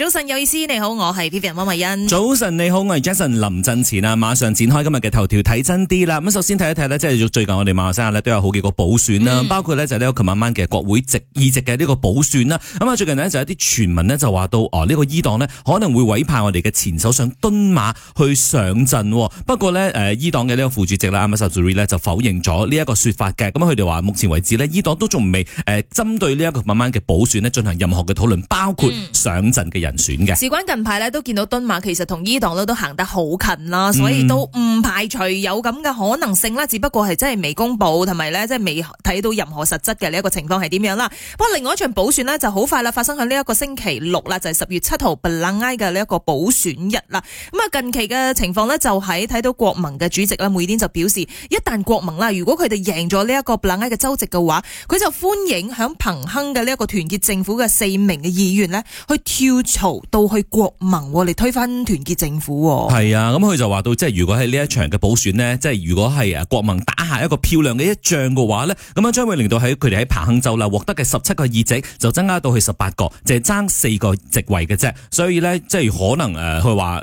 早晨，有意思，你好，我係 Vivian 溫慧欣。早晨，你好，我係 Jason 林振前啊！馬上展開今日嘅頭條，睇真啲啦。咁首先睇一睇呢，即係最近我哋馬來西亞都有好幾個補選啦，嗯、包括呢，就呢個琴晚晚嘅國會直議席嘅呢個補選啦。咁啊，最近呢，就一啲傳聞呢，就話到哦，呢、這個伊黨呢可能會委派我哋嘅前首相敦馬去上陣。不過呢，誒，伊黨嘅呢個副主席啦，阿 Mustafa 就否認咗呢一個說法嘅。咁佢哋話，目前為止呢，伊黨都仲未誒針對呢一個晚晚嘅補選呢進行任何嘅討論，包括上陣嘅人。嗯選嘅，事關近排咧都見到敦馬其實同伊黨咧都行得好近啦，所以都唔排除有咁嘅可能性啦，只不過係真係未公布，同埋咧即係未睇到任何實質嘅呢一個情況係點樣啦。不過另外一場補選呢就好快啦，發生喺呢一個星期六啦，就係、是、十月七號布拉埃嘅呢一個補選日啦。咁啊近期嘅情況呢，就喺睇到國盟嘅主席咧，每天就表示，一旦國盟啦，如果佢哋贏咗呢一個布拉埃嘅州席嘅話，佢就歡迎響彭亨嘅呢一個團結政府嘅四名嘅議員呢去跳到去國盟嚟推翻團結政府。哦，係啊，咁佢就話到，即係如果喺呢一場嘅補選呢，即係如果係啊國盟打下一個漂亮嘅一仗嘅話呢，咁樣將會令到喺佢哋喺彭亨州啦獲得嘅十七個議席就增加到去十八個，就係爭四個席位嘅啫。所以呢，即係可能誒，佢話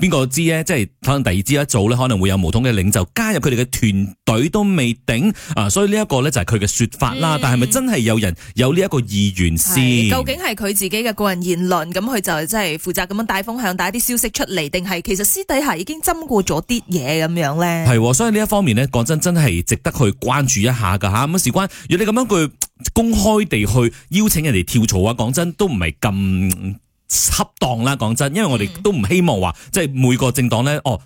邊個知呢？即係可能第二支一組呢可能會有巫統嘅領袖加入佢哋嘅團隊都未頂啊。所以呢一個呢，就係佢嘅說法啦。嗯、但係咪真係有人有呢一個意願先？究竟係佢自己嘅個人言論咁？佢就真係負責咁樣帶風向、帶一啲消息出嚟，定係其實私底下已經斟過咗啲嘢咁樣咧？係，所以呢一方面咧，講真真係值得去關注一下噶吓。咁事關，如果你咁樣去公開地去邀請人哋跳槽啊，講真都唔係咁。恰當啦，講真，因為我哋都唔希望話，即係每個政黨呢，嗯、哦，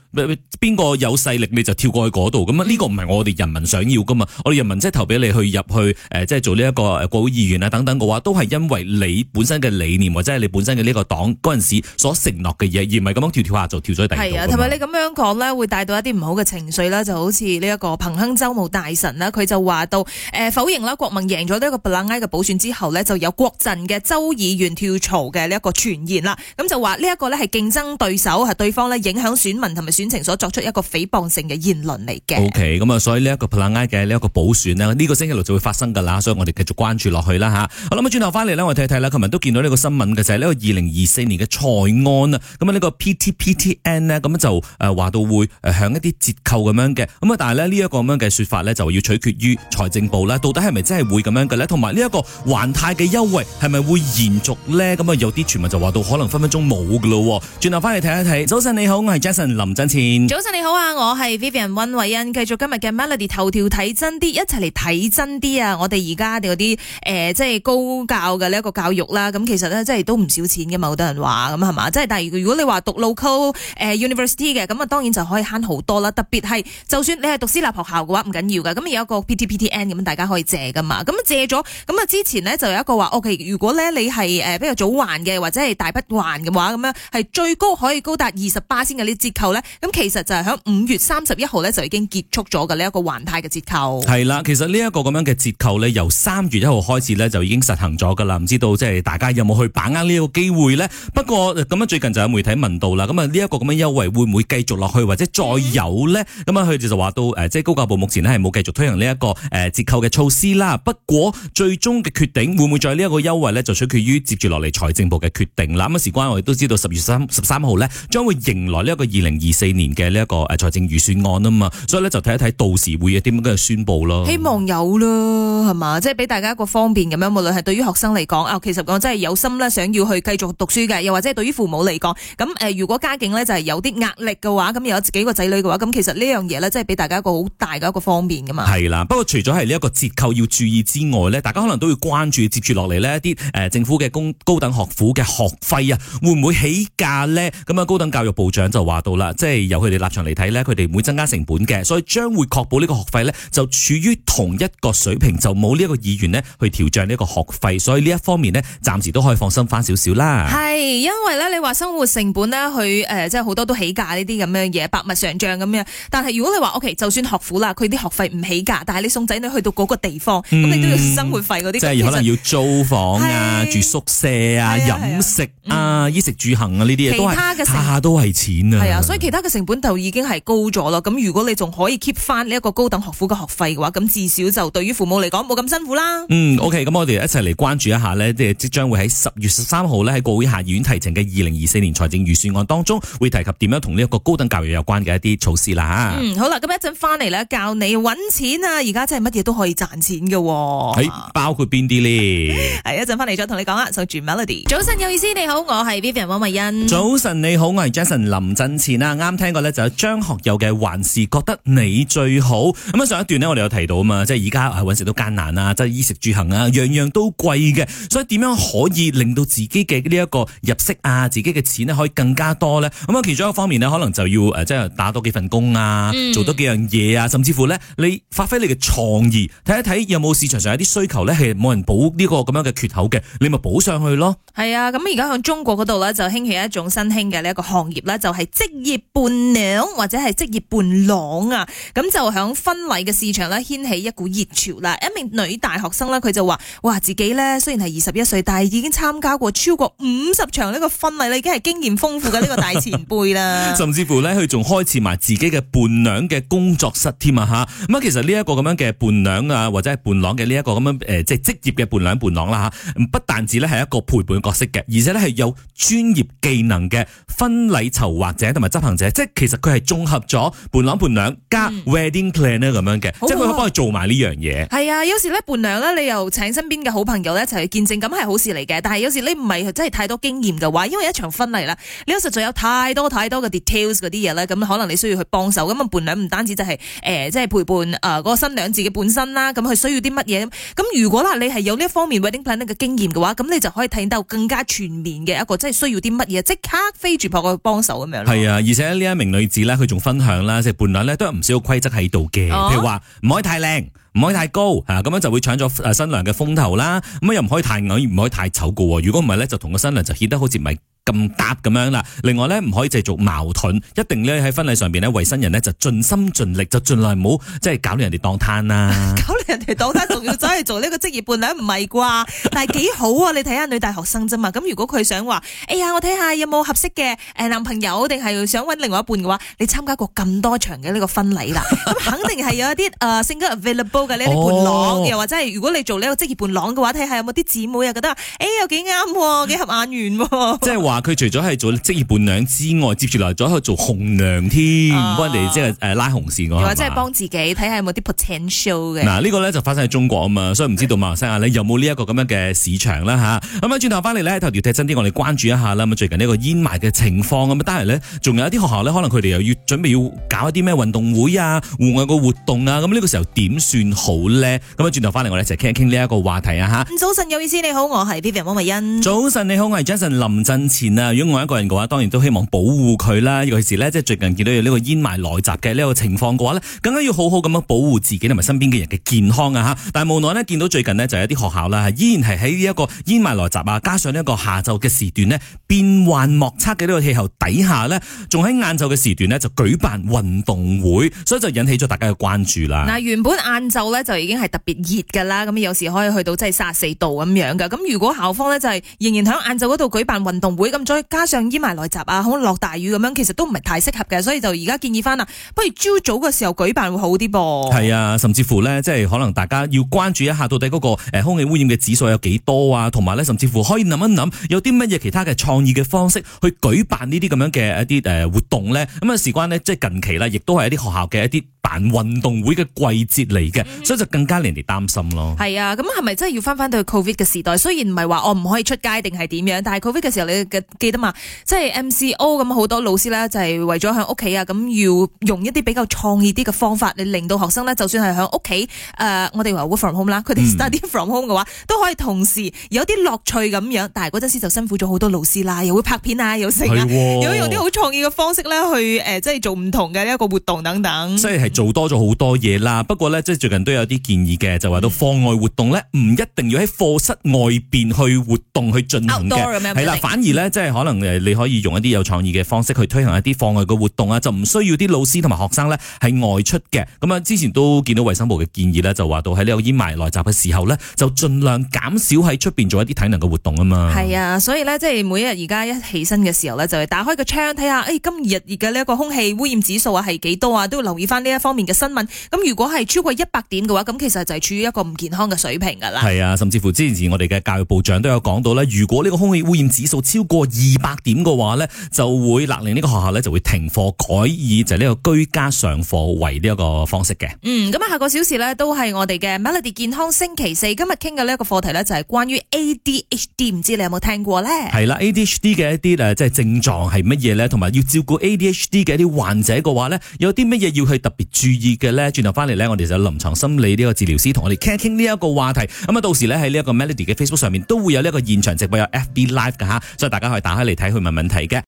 邊個有勢力你就跳過去嗰度，咁啊呢個唔係我哋人民想要噶嘛，我哋人民即係投俾你去入去，誒、呃，即係做呢一個誒國會議員啊等等嘅話，都係因為你本身嘅理念或者係你本身嘅呢個黨嗰陣時所承諾嘅嘢，而唔係咁樣跳跳下就跳咗去第處啊，同埋嘛你咁樣講呢，會帶到一啲唔好嘅情緒啦，就好似呢一個彭亨州務大臣啦，佢就話到，誒、呃、否認啦，國民贏咗呢一個布拉埃嘅補選之後呢，就有國陣嘅州議員跳槽嘅呢一個傳言啦，咁就話呢一個呢係競爭對手，係對方呢影響選民同埋選情所作出一個誹謗性嘅言論嚟嘅。O K，咁啊，所以呢一個普拉 I 嘅呢一個補選呢、這個星期六就會發生噶啦，所以我哋繼續關注落去啦吓。好、嗯、啦，咁轉頭翻嚟呢，我睇睇啦，今日都見到呢個新聞嘅就係、是、呢個二零二四年嘅稅案啦。咁啊呢個 P T P T N 呢，咁就誒話到會誒一啲折扣咁樣嘅。咁啊，但係呢一個咁樣嘅說法呢，就要取決於財政部啦，到底係咪真係會咁樣嘅呢？同埋呢一個環貸嘅優惠係咪會延續呢？咁啊有啲傳聞就。話到可能分分鐘冇噶咯，轉頭翻嚟睇一睇。早晨你好，我係 Jason 林振前。早晨你好啊，我係 Vivian 溫慧欣。繼續今日嘅 Melody 頭條睇真啲，一齊嚟睇真啲啊！我哋而家嗰啲誒，即係高教嘅呢一個教育啦，咁其實咧即係都唔少錢嘅嘛，好多人話咁係嘛，即係但係如果你話讀 local 誒 university 嘅，咁啊當然就可以慳好多啦。特別係就算你係讀私立學校嘅話，唔緊要㗎。咁有一個 PTPTN 咁，N, 大家可以借噶嘛。咁借咗咁啊之前呢，就有一個話，OK，如果咧你係誒，比較早還嘅或者係。大筆還嘅話，咁樣係最高可以高達二十八先嘅呢啲折扣咧。咁其實就係響五月三十一號咧就已經結束咗嘅呢一個還貸嘅折扣。係啦,其實呢一個咁樣嘅折扣咧，由三月一號開始咧就已經實行咗噶啦。唔知道即係大家有冇去把握呢個機會呢？不過咁樣最近就有媒體問到啦，咁啊呢一個咁樣優惠會唔會繼續落去或者再有呢？咁啊佢哋就話到誒，即係高教部目前呢，係冇繼續推行呢一個誒折扣嘅措施啦。不過最終嘅決定會唔會再呢一個優惠咧就取決於接住落嚟財政部嘅決定。零攬嘅時關，我哋都知道十月十三號咧，將會迎來呢一個二零二四年嘅呢一個誒財政預算案啊嘛，所以咧就睇一睇到時會有啲乜嘢宣佈咯。希望有咯，係嘛，即係俾大家一個方便咁樣。無論係對於學生嚟講，啊，其實講真係有心咧，想要去繼續讀書嘅，又或者係對於父母嚟講，咁誒，如果家境咧就係有啲壓力嘅話，咁有幾個仔女嘅話，咁其實呢樣嘢咧，真係俾大家一個好大嘅一個方便噶嘛。係啦，不過除咗係呢一個折扣要注意之外咧，大家可能都會關注接住落嚟呢一啲誒政府嘅公高等學府嘅學費啊，會唔會起價呢？咁啊，高等教育部長就話到啦，即、就、係、是、由佢哋立場嚟睇呢，佢哋唔會增加成本嘅，所以將會確保呢個學費呢，就處於同一個水平，就冇呢一個意願呢去調漲呢個學費，所以呢一方面呢，暫時都可以放心翻少少啦。係因為呢你話生活成本呢，佢誒即係好多都起價呢啲咁樣嘢，百物上漲咁樣。但係如果你話，OK，就算學府啦，佢啲學費唔起價，但係你送仔女去到嗰個地方，咁、嗯、你都要生活費嗰啲，即係可能要租房啊，是住宿舍啊，飲食。食啊，嗯、衣食住行啊，呢啲嘢都係，下下都係錢啊。係啊，所以其他嘅成本就已經係高咗咯。咁如果你仲可以 keep 翻呢一個高等學府嘅學費嘅話，咁至少就對於父母嚟講冇咁辛苦啦。嗯，OK，咁我哋一齊嚟關注一下呢，即係即將會喺十月十三號呢，喺國會下院提呈嘅二零二四年財政預算案當中，會提及點樣同呢一個高等教育有關嘅一啲措施啦。嗯，好啦，咁一陣翻嚟咧教你搵錢啊，而家真係乜嘢都可以賺錢嘅、啊哎。包括邊啲呢？係 一陣翻嚟再同你講啦。就住 Melody，早晨，有意思你好，我係 Vivian 溫慧欣。早晨你好，我係 Jason 林振前啊！啱聽過咧，就張學友嘅《還是覺得你最好》。咁啊，上一段呢，我哋有提到啊嘛，即係而家係搵食都艱難啊，即係衣食住行啊，樣樣都貴嘅。所以點樣可以令到自己嘅呢一個入息啊，自己嘅錢呢可以更加多咧？咁啊，其中一方面呢，可能就要誒，即係打多幾份工啊，嗯、做多幾樣嘢啊，甚至乎咧，你發揮你嘅創意，睇一睇有冇市場上有啲需求咧，係冇人補呢個咁樣嘅缺口嘅，你咪補上去咯。係啊，咁。而家響中國嗰度咧，就興起一種新興嘅呢一個行業咧，就係職業伴娘或者係職業伴郎啊。咁就響婚禮嘅市場咧，掀起一股熱潮啦。一名女大學生咧，佢就話：哇，自己咧雖然係二十一歲，但係已經參加過超過五十場呢個婚禮，已經係經驗豐富嘅呢個大前輩啦。甚至乎呢，佢仲開始埋自己嘅伴娘嘅工作室添啊！吓，咁啊，其實呢一個咁樣嘅伴娘啊，或者係伴郎嘅呢一個咁樣誒，即係職業嘅伴娘伴郎啦吓，不但止咧係一個陪伴角色嘅，而且係有專業技能嘅婚禮籌劃者同埋執行者，即係其實佢係綜合咗伴郎伴娘加 wedding planner 咁、嗯、樣嘅，啊、即係佢可以幫佢做埋呢樣嘢。係啊，有時咧伴娘咧，你又請身邊嘅好朋友一齊去見證，咁係好事嚟嘅。但係有時你唔係真係太多經驗嘅話，因為一場婚禮啦，你有實在有太多太多嘅 details 嗰啲嘢咧，咁可能你需要去幫手。咁啊伴娘唔單止就係、是、誒，即、呃、係、就是、陪伴啊嗰、呃那個新娘自己本身啦，咁佢需要啲乜嘢？咁如果啦你係有呢一方面 wedding planner 嘅經驗嘅話，咁你就可以睇到更加全面嘅一個即係需要啲乜嘢，即刻飛住跑過去幫手咁樣咯。係啊，而且呢一名女子咧，佢仲分享啦，即係伴娘咧都有唔少規則喺度嘅，啊、譬如話唔可以太靚，唔可以太高嚇，咁樣就會搶咗啊新娘嘅風頭啦。咁又唔可以太矮，唔可以太醜噶喎。如果唔係咧，就同個新娘就顯得好似唔係。咁搭咁樣啦，另外咧，唔可以製造矛盾，一定咧，喺婚禮上邊咧，為新人呢就盡心盡力，就盡量唔好即係搞到人哋當攤啦。 搞到人哋當攤，仲要走去做呢個職業伴郎，唔係啩？但係幾好啊！你睇下女大學生啫嘛，咁如果佢想話，哎呀，我睇下有冇合適嘅誒男朋友，定係想搵另外一半嘅話，你參加過咁多場嘅呢個婚禮啦，咁 肯定係有一啲誒性格 available 嘅呢啲伴郎，又或者係如果你做呢個職業伴郎嘅話，睇下有冇啲姊妹啊覺得，哎呀，幾啱、啊，幾合眼緣、啊。即係佢除咗係做職業伴娘之外，接住落再去做紅娘添，唔人、哦、你即係誒拉紅線嘅。或者係幫自己睇下吧有冇啲 potential 嘅。嗱呢、啊這個咧就發生喺中國啊嘛，所以唔知道馬來西亞咧有冇呢一個咁樣嘅市場啦吓。咁啊轉頭翻嚟咧，頭條睇真 D 我哋關注一下啦。咁最近個煙呢個煙霾嘅情況咁啊，當然咧仲有一啲學校咧，可能佢哋又要準備要搞一啲咩運動會啊、戶外嘅活動啊。咁呢個時候點算好咧？咁啊轉頭翻嚟我哋一齊傾一傾呢一個話題啊吓。早晨有意思，你好，我係 Vivian 王慧欣。早晨你好，我係 Jason 林振。如果我一個人嘅話，當然都希望保護佢啦。尤其是咧，即係最近見到有呢個煙霾來襲嘅呢個情況嘅話呢，更加要好好咁樣保護自己同埋身邊嘅人嘅健康啊！吓，但係無奈呢，見到最近呢，就有啲學校啦，依然係喺呢一個煙霾來襲啊，加上呢一個下晝嘅時段呢，變幻莫測嘅呢個氣候底下呢，仲喺晏晝嘅時段呢，就舉辦運動會，所以就引起咗大家嘅關注啦。嗱，原本晏晝呢，就已經係特別熱噶啦，咁有時可以去到即係卅四度咁樣噶。咁如果校方呢，就係仍然喺晏晝嗰度舉辦運動會，咁再加上煙霾來襲啊，可能落大雨咁樣，其實都唔係太適合嘅，所以就而家建議翻啦，不如朝早嘅時候舉辦會好啲噃。係啊，甚至乎咧，即係可能大家要關注一下到底嗰個誒空氣污染嘅指數有幾多啊，同埋咧，甚至乎可以諗一諗有啲乜嘢其他嘅創意嘅方式去舉辦呢啲咁樣嘅一啲誒活動咧。咁啊，事關呢，即係近期啦，亦都係一啲學校嘅一啲辦運動會嘅季節嚟嘅，嗯、哼所以就更加令人擔心咯。係啊，咁係咪真係要翻翻到 COVID 嘅時代？雖然唔係話我唔可以出街定係點樣，但係 COVID 嘅時候你嘅記得嘛，即係 MCO 咁，好多老師咧，就係、是、為咗喺屋企啊，咁要用一啲比較創意啲嘅方法，你令到學生咧，就算係喺屋企，誒、呃，我哋話會 from home 啦，佢哋 study from home 嘅話，都可以同時有啲樂趣咁樣。但係嗰陣時就辛苦咗好多老師啦，又會拍片啊，又成啦，如果用啲好創意嘅方式咧，去、呃、誒，即係做唔同嘅一個活動等等，所以係做多咗好多嘢啦。不過咧，即係最近都有啲建議嘅，就話到課外活動咧，唔一定要喺課室外邊去活動去進行係 Outdoor 啦，反而咧。即係可能誒，你可以用一啲有創意嘅方式去推行一啲課外嘅活動啊，就唔需要啲老師同埋學生咧係外出嘅。咁啊，之前都見到衛生部嘅建議咧，就話到喺呢個煙霾來襲嘅時候咧，就盡量減少喺出邊做一啲體能嘅活動啊嘛。係啊，所以呢，即係每一日而家一起身嘅時候咧，就係、是、打開個窗睇下，誒、哎，今日嘅呢一個空氣污染指數啊係幾多啊，都要留意翻呢一方面嘅新聞。咁如果係超過一百點嘅話，咁其實就係處於一個唔健康嘅水平噶啦。係啊，甚至乎之前我哋嘅教育部長都有講到咧，如果呢個空氣污染指數超過，二百點嘅話咧，就會勒令呢個學校咧就會停課，改以就呢個居家上課為呢一個方式嘅。嗯，咁啊下個小時咧都係我哋嘅 Melody 健康星期四，今日傾嘅呢一個課題咧就係關於 ADHD，唔知你有冇聽過咧？係啦，ADHD 嘅一啲誒，即係症狀係乜嘢咧？同埋要照顧 ADHD 嘅一啲患者嘅話咧，有啲乜嘢要去特別注意嘅咧？轉頭翻嚟咧，我哋就有臨床心理呢個治療師同我哋傾一傾呢一個話題。咁啊，到時咧喺呢一個 Melody 嘅 Facebook 上面都會有呢一個現場直播有 FB Live 噶吓，所以大家，係打開嚟睇，佢問問題嘅。